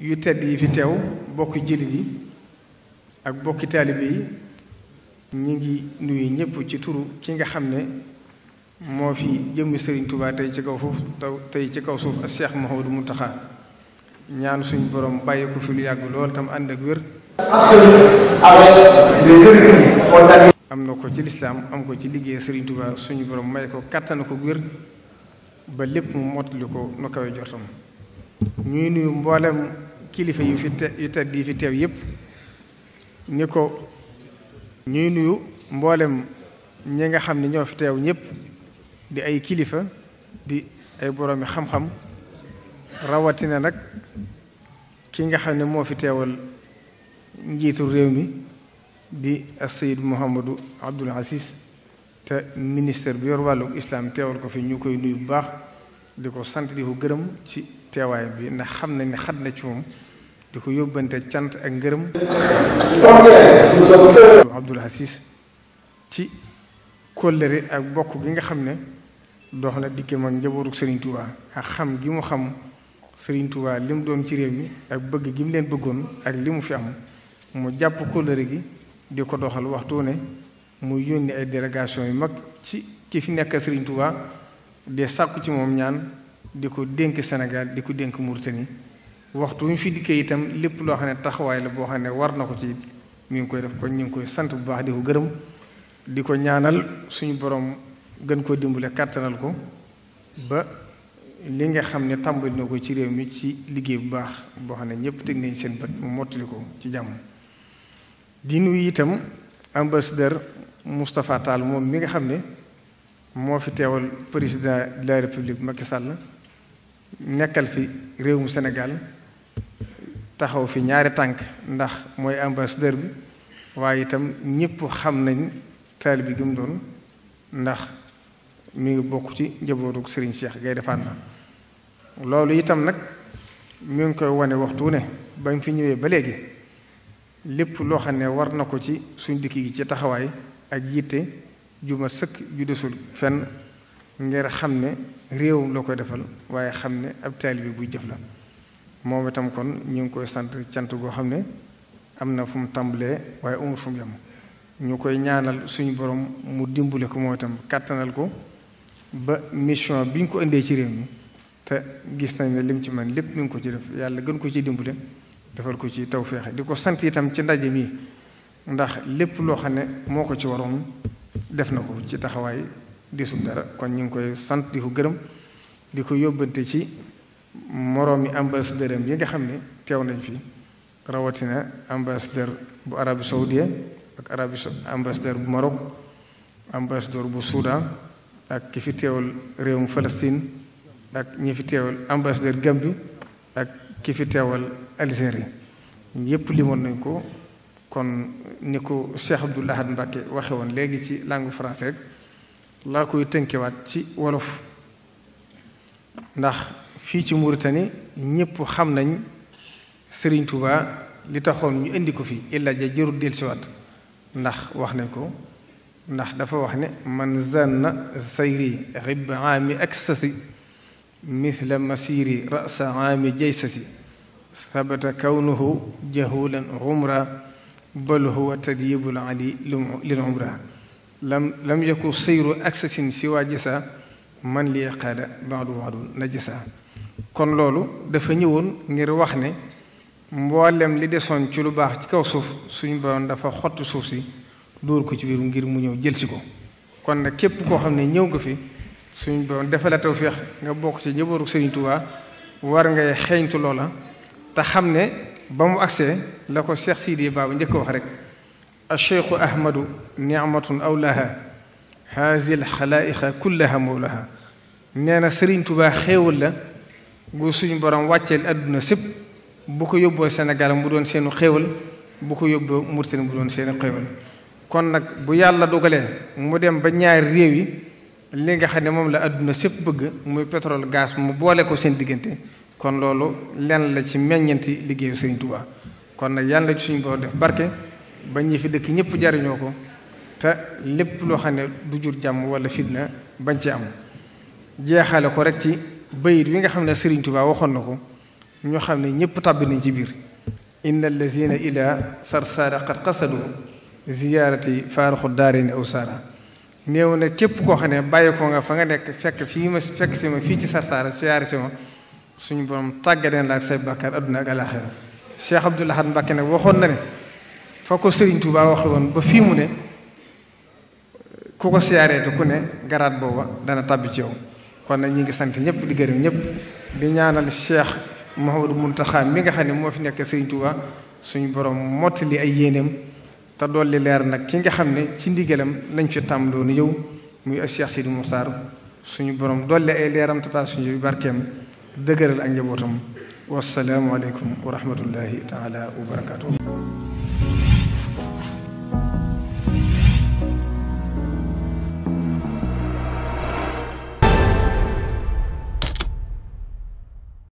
yu tedd yi fi teew bokki jëlit yi ak bokki taalibe yi ñu ngi nuyu ñëpp ci turu ki nga xam ne moo fi jëmm Serigne Touba tey ci kaw ci kaw suuf ak Cheikh Mouhamadou Mountakha ñaan suñ borom bàyyi ko fi lu yàgg lool tam ànd ak wér. am na ko ci lislaam am ko ci liggéey Serigne Touba suñu borom may ko kàttan ko wér ba lépp mu mottali ko nu kawe jortam ñuy nuyu mboolem. kilifa yu fi te yu tedd yi fi teew yëpp ni ko ñuy nuyu mboolem ñi nga xam ne ñoo fi teew ñëpp di ay kilifa di ay boroomi xam-xam rawatina nag ki nga xam ne moo fi teewal njiitul réew mi di Sayid Mouhamadou Abdoul Aziz te ministère bi yor wàllu islam teewal ko fi ñu koy nuyu bu baax di ko sant di gërëm ci. teewaay bi ndax xam na ni xat na ci moom di ko yóbbante cant ak ngërëm Abdul Aziz ci kóllëre ak bokk gi nga xam ne dox na diggam ak njabootu Serigne ak xam gi mu xam Serigne Touba li doon ci réew mi ak bëgg gi mu leen bëggoon ak li mu fi am mu jàpp kóllëre gi di ko doxal waxtu ne muy yónni ay délégation yu mag ci ki fi nekk Serigne Touba de sàkku ci moom ñaan di ko dénk Sénégal di ko dénk Mauritanie waxtu wu ñu fi dikkee itam lépp loo xam ne taxawaay la boo xam ne war na ko ci mi ngi koy def ko ñu ngi koy sant bu baax di ko gërëm di ko ñaanal suñu boroom gën koo dimbale kàttanal ko ba li nga xam ne tàmbali na ko ci réew mi ci liggéey bu baax boo xam ne ñëpp teg nañ seen bët mu mottali ko ci jàmm. di nuyu itam ambassadeur Moustapha Tall moom mi nga xam ne moo fi teewal président de la république Macky nekkal fi réewum Sénégal taxaw fi ñaari tànk ndax mooy ambassadeur bi waaye itam ñëpp xam nañ taalibe gi mu doon ndax mu ngi bokk ci njabootu Serigne Cheikh Gaynde Fatma loolu itam nag mu ngi koy wane waxtu ne ba mu fi ñëwee ba léegi lépp loo xam ne war na ko ci suñ dikk gi ci taxawaay ak yitte ju ma sëkk ju desul fenn ngir xam ne réewum loo koy defal waaye xam ne ab taalibe buy jëf la moom itam kon ñu ngi koy sant cant goo xam ne am na fu mu tàmbalee waaye amul fu mu ñu koy ñaanal suñu borom mu dimbale ko moo itam kàttanal ko ba mission bi ñu ko indee ci réew mi te gis nañ ne lim ci man lépp mi ngi ko ci def yàlla gën ko ci dimbale defal ko ci tawféex di ko sant itam ci ndaje mi ndax lépp loo xam ne moo ko ci waroon def na ko ci taxawaay desul dara kon ñu ngi koy sant di ko gërëm di ko yóbbante ci moroom yi ambassadeur am yi nga xam ne teew nañ fi rawatina ambassadeur bu Arabie Saoudite ak Arabie ambassadeur bu Maroc ambassadeur bu Soudan ak ki fi teewal réewum Palestine ak ñi fi teewal ambassadeur Gambie ak ki fi teewal Algérie yépp limoon nañ ko kon ni ko Cheikh Abdoul Ahad Mbacké waxe woon léegi ci langue française rek laa koy tënkewaat ci wolof ndax fii ci Mauritanie ñëpp xam nañ Serigne Touba li taxoon ñu indi ko fi illa ja jërul dellusiwaat ndax wax nañ ko ndax dafa wax ne man zanna sayri rib aami aksasi mithla masiri rasa aami jaysasi sabata kawnuhu jahulan umra bal huwa tadyibul ali lil umra lam lam yaku sayru aksasin si waa jësa man li qaada baadu waadu na jësa kon loolu dafa ñëwoon ngir wax ne mboolem li desoon ci lu baax ci kaw suuf suñu borom dafa xott suuf si dóor ko ci biir ngir mu ñëw jël si ko kon nag képp koo xam ne ñëw nga fi suñu borom dafa la tawféex nga bokk ci njabootu Sëriñ Tuubaa war ngay xeeñtu loola te xam ne ba mu agsee la ko Cheikh Sidi Baba njëkk wax rek الشيخ أحمد نعمة أولها هذه الخلائق كلها مولاها nee na Serigne Touba xéewal la gu suñu borom wàcceel àdduna sépp bu ko yóbboo Sénégal mu doon seenu xéewal bu ko yóbboo Mauritanie mu doon seenu xéewal kon nag bu yàlla dogalee mu dem ba ñaari réew yi li nga xam ne moom la àdduna sépp bëgg muy pétrole gaz mu boole ko seen diggante kon loolu lenn la ci meññanti liggéeyu Serigne Touba kon nag yàlla na ci suñu borom def barke bañ ñi fi dëkk ñëpp jariñoo ko te lépp loo xam ne du jur jàmm wala fitna bañ ci am jeexale ko rek ci bayit wi nga xam ne Sëriñ Tuubaa waxoon na ko ñoo xam ne ñëpp tàbbi nañ ci biir inna allazina ila sarsara qad qasadu ziyaarati faaraxu daarini aw saara néew na képp koo xam ne bàyyi ko nga fa nga nekk fekk fii ma fekk si ma fii ci sarsaara siyaare si ma suñu borom tàggaleen la ak say bàkkaar adduna ak alaxira Cheikh Abdoul Ahad Mbacké nag waxoon na ne fa ko Sëriñ Tuubaa waxe woon ba fii mu ne ku ko siyaareete ku ne garaat booba dana tàbbi ci yow kon nag ñi ngi sant ñëpp di gërëm ñëpp di ñaanal Cheikh Mouhamadou Mountakha mi nga xam ne moo fi nekk Sëriñ Tuubaa suñu borom mottali ay yéeneem te dolli leer nag ki nga xam ne ci ndigalam lañ fi tàmm doon yow muy Cheikh Sidi Moukhtar suñu borom dolli ay leeram tata suñu barkeem dëgëral ak njabootam wasalaamualeykum wa rahmatullahi taala wa